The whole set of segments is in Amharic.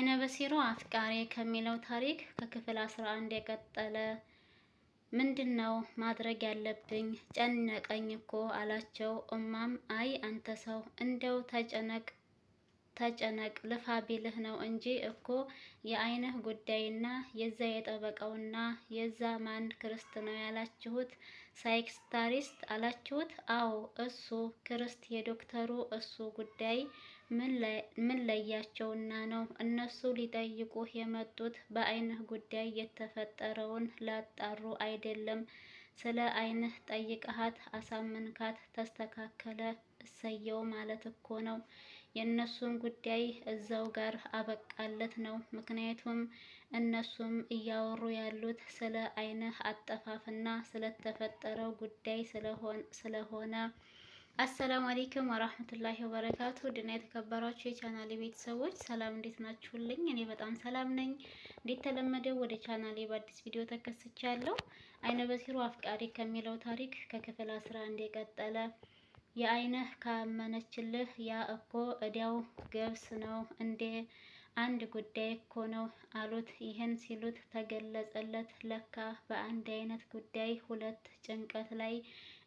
አይነ በሲሮ አፍቃሪ ከሚለው ታሪክ ከክፍል አስራ አንድ የቀጠለ ምንድን ነው ማድረግ ያለብኝ? ጨነቀኝ እኮ አላቸው። እማም አይ አንተ ሰው እንደው ተጨነቅ ተጨነቅ ልፋ ቢልህ ነው እንጂ እኮ የአይንህ ጉዳይና የዛ የጠበቀውና የዛ ማን ክርስት ነው ያላችሁት ሳይክስታሪስት አላችሁት? አዎ እሱ ክርስት የዶክተሩ እሱ ጉዳይ ምን ለያቸውና ነው እነሱ ሊጠይቁህ የመጡት? በአይንህ ጉዳይ የተፈጠረውን ላጣሩ አይደለም። ስለ አይንህ ጠይቀሃት፣ አሳምንካት፣ ተስተካከለ፣ እሰየው ማለት እኮ ነው። የእነሱን ጉዳይ እዛው ጋር አበቃለት ነው። ምክንያቱም እነሱም እያወሩ ያሉት ስለ አይንህ አጠፋፍና ስለተፈጠረው ጉዳይ ስለሆነ አሰላሙ አሌይኩም ወራህመቱላሂ ወበረካቱ ድና የተከበሯችሁ የቻናሌ ቤተሰቦች ሰላም፣ እንዴት ናችሁልኝ? እኔ በጣም ሰላም ነኝ። እንዴት ተለመደው ወደ ቻናሌ በአዲስ ቪዲዮ ተከስቻለሁ። አይነ በሲሩ አፍቃሪ ከሚለው ታሪክ ከክፍል አስራ አንድ የቀጠለ የአይንህ ካመነችልህ ያ እኮ እዲያው ገብስ ነው እንዴ አንድ ጉዳይ እኮ ነው አሉት። ይህን ሲሉት ተገለጸለት። ለካ በአንድ አይነት ጉዳይ ሁለት ጭንቀት ላይ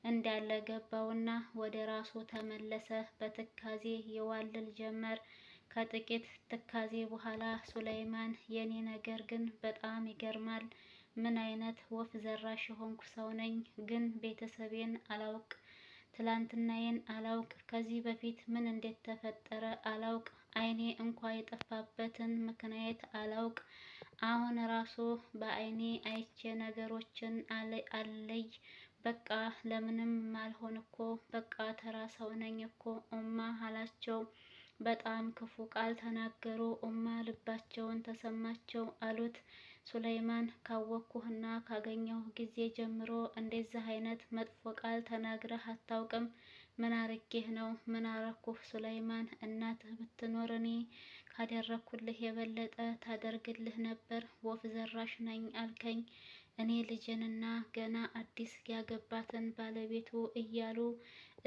እንዳለ ገባውና ወደ ራሱ ተመለሰ። በትካዜ ይዋልል ጀመር። ከጥቂት ትካዜ በኋላ ሱላይማን የኔ ነገር ግን በጣም ይገርማል። ምን አይነት ወፍ ዘራሽ የሆንኩ ሰው ነኝ? ግን ቤተሰቤን አላውቅ፣ ትላንትናዬን አላውቅ፣ ከዚህ በፊት ምን እንደተፈጠረ አላውቅ አይኔ እንኳ የጠፋበትን ምክንያት አላውቅ። አሁን ራሱ በአይኔ አይቼ ነገሮችን አለይ። በቃ ለምንም ማልሆን እኮ በቃ ተራ ሰው ነኝ እኮ ኡማ አላቸው። በጣም ክፉ ቃል ተናገሩ። ኡማ ልባቸውን ተሰማቸው አሉት። ሱለይማን ካወቅኩህና ካገኘሁ ጊዜ ጀምሮ እንደዚህ አይነት መጥፎ ቃል ተናግረህ አታውቅም። ምን አርጌህ ነው? ምን አረኩህ? ሱላይማን እናትህ ብትኖር እኔ ካደረኩልህ የበለጠ ታደርግልህ ነበር። ወፍ ዘራሽ ነኝ አልከኝ። እኔ ልጅንና ገና አዲስ ያገባትን ባለቤቱ እያሉ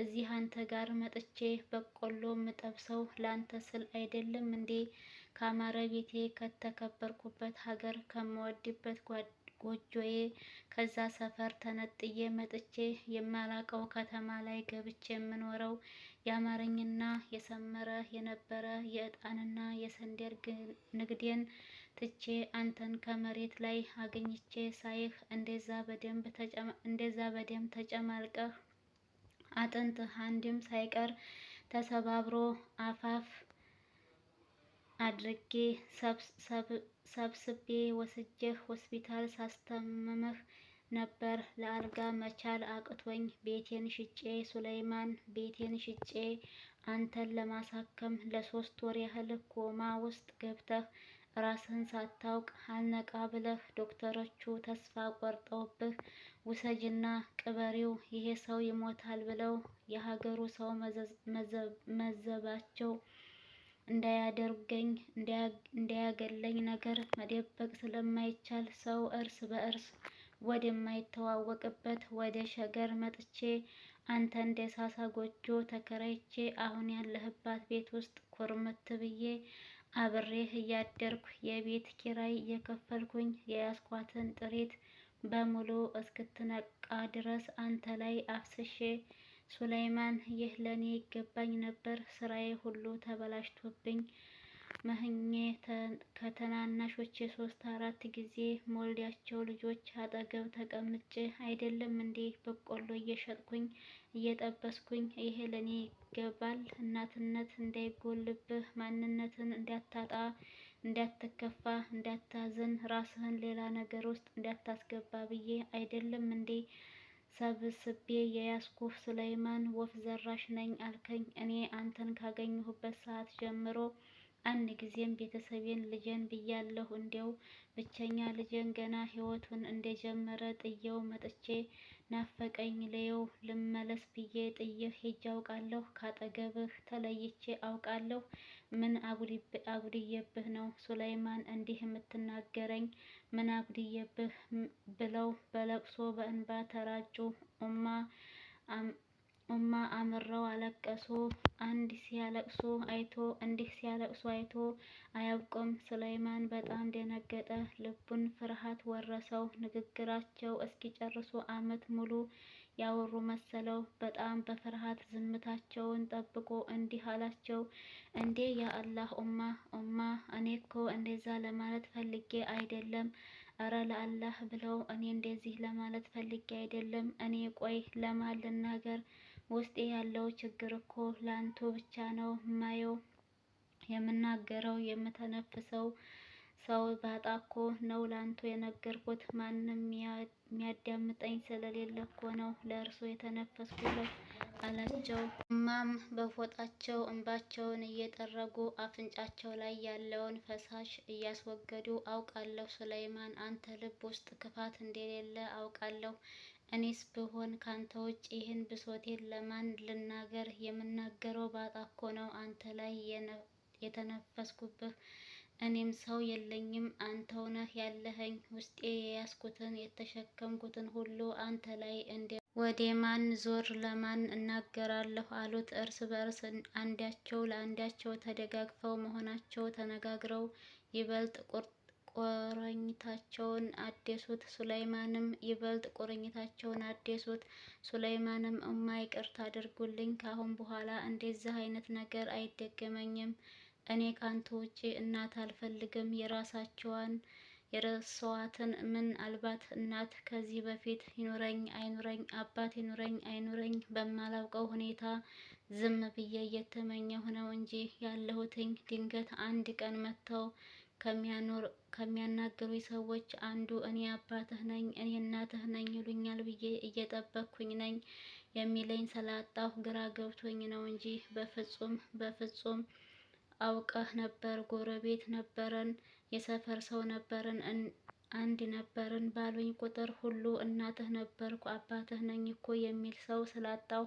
እዚህ አንተ ጋር መጥቼ በቆሎ ምጠብሰው ላንተ ስል አይደለም እንዴ? ካማረ ቤቴ ከተከበርኩበት ሀገር ከምወድበት ጓድ ጎጆዬ ከዛ ሰፈር ተነጥዬ መጥቼ የማላቀው ከተማ ላይ ገብቼ የምኖረው ያማረኝና የሰመረ የነበረ የእጣንና የሰንደር ንግዴን ትቼ አንተን ከመሬት ላይ አግኝቼ ሳይህ እንደዛ በደንብ ተጨማልቀህ አጥንት አንድም ሳይቀር ተሰባብሮ አፋፍ አድርጌ ሰብስቤ ወስጄህ ሆስፒታል ሳስተምምህ ነበር። ለአልጋ መቻል አቅቶኝ ቤቴን ሽጬ ሱለይማን ቤቴን ሽጬ አንተን ለማሳከም ለሶስት ወር ያህል ኮማ ውስጥ ገብተህ ራስህን ሳታውቅ አልነቃ ብለህ ዶክተሮቹ ተስፋ ቆርጠውብህ ውሰጅና ቅበሬው ይሄ ሰው ይሞታል ብለው የሀገሩ ሰው መዘባቸው እንዳያደርገኝ እንዳያገለኝ ነገር መደበቅ ስለማይቻል ሰው እርስ በእርስ ወደማይተዋወቅበት ወደ ሸገር መጥቼ አንተ እንደ ሳሳ ጎጆ ተከራይቼ አሁን ያለህባት ቤት ውስጥ ኩርምት ብዬ አብሬህ እያደርኩ የቤት ኪራይ እየከፈልኩኝ የያዝኳትን ጥሪት በሙሉ እስክትነቃ ድረስ አንተ ላይ አፍስሼ ሱላይማን ይህ ለእኔ ይገባኝ ነበር፣ ስራዬ ሁሉ ተበላሽቶብኝ መህኜ ከተናናሾቼ ሶስት አራት ጊዜ መወልዳቸው ልጆች አጠገብ ተቀምጬ አይደለም እንዴ በቆሎ እየሸጥኩኝ እየጠበስኩኝ። ይሄ ለእኔ ይገባል። እናትነት እንዳይጎልብህ፣ ማንነትን እንዳታጣ፣ እንዳትከፋ፣ እንዳታዝን፣ ራስህን ሌላ ነገር ውስጥ እንዳታስገባ ብዬ አይደለም እንዴ ሰብስቤ የያዝኩህ ሱለይማን ወፍ ዘራሽ ነኝ አልከኝ። እኔ አንተን ካገኘሁበት ሰዓት ጀምሮ አንድ ጊዜም ቤተሰቤን ልጄን ብያለሁ። እንዲያው ብቸኛ ልጄን ገና ህይወቱን እንደጀመረ ጥየው መጥቼ ናፈቀኝ ለየው ልመለስ ብዬ ጥዬህ ሄጄ አውቃለሁ ካጠገብህ ተለይቼ አውቃለሁ ምን አጉድዬብህ ነው ሱላይማን እንዲህ የምትናገረኝ ምን አጉድዬብህ ብለው በለቅሶ በእንባ ተራጩ ኡማ እማ አምረው አለቀሱ። አንድ ሲያለቅሱ አይቶ እንዲህ ሲያለቅሱ አይቶ አያውቅም። ሱለይማን በጣም ደነገጠ፣ ልቡን ፍርሃት ወረሰው። ንግግራቸው እስኪጨርሱ ዓመት ሙሉ ያወሩ መሰለው። በጣም በፍርሃት ዝምታቸውን ጠብቆ እንዲህ አላቸው፣ እንዴ የአላህ ኡማ ኡማ፣ እኔ እኮ እንደዛ ለማለት ፈልጌ አይደለም። እረ ለአላህ ብለው እኔ እንደዚህ ለማለት ፈልጌ አይደለም። እኔ ቆይ ለማን ልናገር ውስጤ ያለው ችግር እኮ ለአንቱ ብቻ ነው የማየው የምናገረው የምተነፍሰው ሰው ባጣ እኮ ነው ለአንቱ የነገርኩት። ማንም የሚያዳምጠኝ ስለሌለ እኮ ነው ለእርሱ የተነፈስኩለት አላቸው። እማም በፎጣቸው እንባቸውን እየጠረጉ አፍንጫቸው ላይ ያለውን ፈሳሽ እያስወገዱ አውቃለሁ፣ ሱለይማን አንተ ልብ ውስጥ ክፋት እንደሌለ አውቃለሁ እኔስ ብሆን ካንተ ውጭ ይህን ብሶቴን ለማን ልናገር? የምናገረው ባጣኮ ነው አንተ ላይ የተነፈስኩብህ። እኔም ሰው የለኝም አንተው ነህ ያለኸኝ። ውስጤ የያዝኩትን የተሸከምኩትን ሁሉ አንተ ላይ እንደ ወደ ማን ዞር ለማን እናገራለሁ አሉት። እርስ በእርስ አንዳቸው ለአንዳቸው ተደጋግፈው መሆናቸው ተነጋግረው ይበልጥ ቁርጥ ቁርኝታቸውን አደሱት። ሱለይማንም ይበልጥ ቁርኝታቸውን አደሱት። ሱለይማንም እማ ይቅርታ አድርጉልኝ፣ ካሁን በኋላ እንደዚህ አይነት ነገር አይደገመኝም። እኔ ካንተ ውጪ እናት አልፈልግም። የራሳቸዋን የረሷትን ምን አልባት እናት ከዚህ በፊት ይኑረኝ አይኑረኝ አባት ይኑረኝ አይኑረኝ በማላውቀው ሁኔታ ዝም ብዬ እየተመኘሁ ነው እንጂ ያለሁትኝ ድንገት አንድ ቀን መጥተው ከሚያኖር ከሚያናግሩኝ ሰዎች አንዱ እኔ አባትህ ነኝ፣ እኔ እናትህ ነኝ ይሉኛል ብዬ እየጠበቅኩኝ ነኝ የሚለኝ ስላጣሁ ግራ ገብቶኝ ነው እንጂ በፍጹም በፍጹም አውቀህ ነበር፣ ጎረቤት ነበረን፣ የሰፈር ሰው ነበረን፣ አንድ ነበርን ባሉኝ ቁጥር ሁሉ እናትህ ነበርኩ፣ አባትህ ነኝ እኮ የሚል ሰው ስላጣሁ፣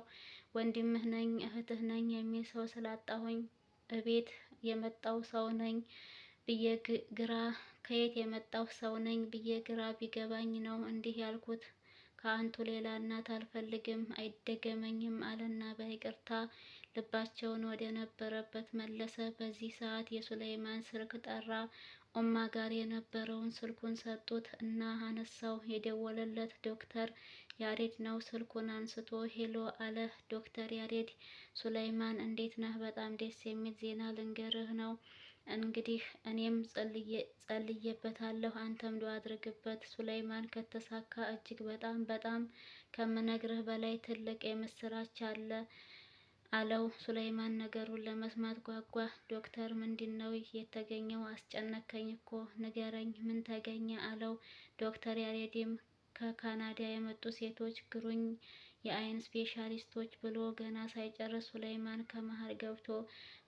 ወንድምህ ነኝ፣ እህትህ ነኝ የሚል ሰው ስላጣሁኝ እቤት የመጣው ሰው ነኝ ብዬ ግራ ከየት የመጣሁ ሰው ነኝ ብዬ ግራ ቢገባኝ ነው እንዲህ ያልኩት። ከአንቱ ሌላ እናት አልፈልግም አይደገመኝም አለና በይቅርታ ልባቸውን ወደ ነበረበት መለሰ። በዚህ ሰዓት የሱሌይማን ስልክ ጠራ። ኡማ ጋር የነበረውን ስልኩን ሰጡት እና አነሳው። የደወለለት ዶክተር ያሬድ ነው። ስልኩን አንስቶ ሄሎ አለ። ዶክተር ያሬድ ሱላይማን እንዴት ነህ? በጣም ደስ የሚል ዜና ልንገርህ ነው እንግዲህ እኔም ጸልዬበታለሁ፣ አንተም ዱአ አድርግበት። ሱላይማን ከተሳካ እጅግ በጣም በጣም ከምነግርህ በላይ ትልቅ የምስራች አለ አለው። ሱላይማን ነገሩን ለመስማት ጓጓ። ዶክተር ምንድን ነው የተገኘው? አስጨነከኝ እኮ ንገረኝ፣ ምን ተገኘ አለው። ዶክተር ያሬዲም ከካናዳ የመጡ ሴቶች ግሩኝ የአይን ስፔሻሊስቶች ብሎ ገና ሳይጨርስ ሱላይማን ከመሀል ገብቶ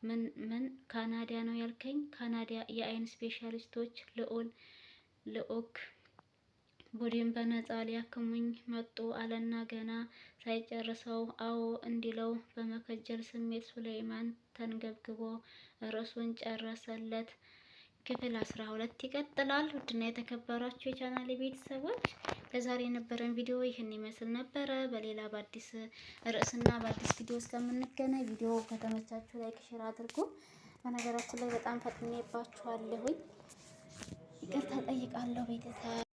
ምን ካናዳ ነው ያልከኝ? ካናዳ የአይን ስፔሻሊስቶች ልዑል ልዑክ ቡድን በነፃ ሊያክሙኝ መጡ አለና ገና ሳይጨርሰው አዎ እንዲለው በመከጀል ስሜት ሱላይማን ተንገብግቦ ርዕሱን ጨረሰለት። ክፍል አስራ ሁለት ይቀጥላል። ውድና የተከበራችሁ የቻናል ቤተሰቦች ለዛሬ የነበረን ቪዲዮ ይህን ይመስል ነበረ። በሌላ በአዲስ ርዕስና በአዲስ ቪዲዮ እስከምንገናኝ ቪዲዮ ከተመቻችሁ ላይክ፣ ሼር አድርጉ። በነገራችን ላይ በጣም ፈጥኜባችኋለሁኝ፣ ይቅርታ ጠይቃለሁ ቤተሰብ።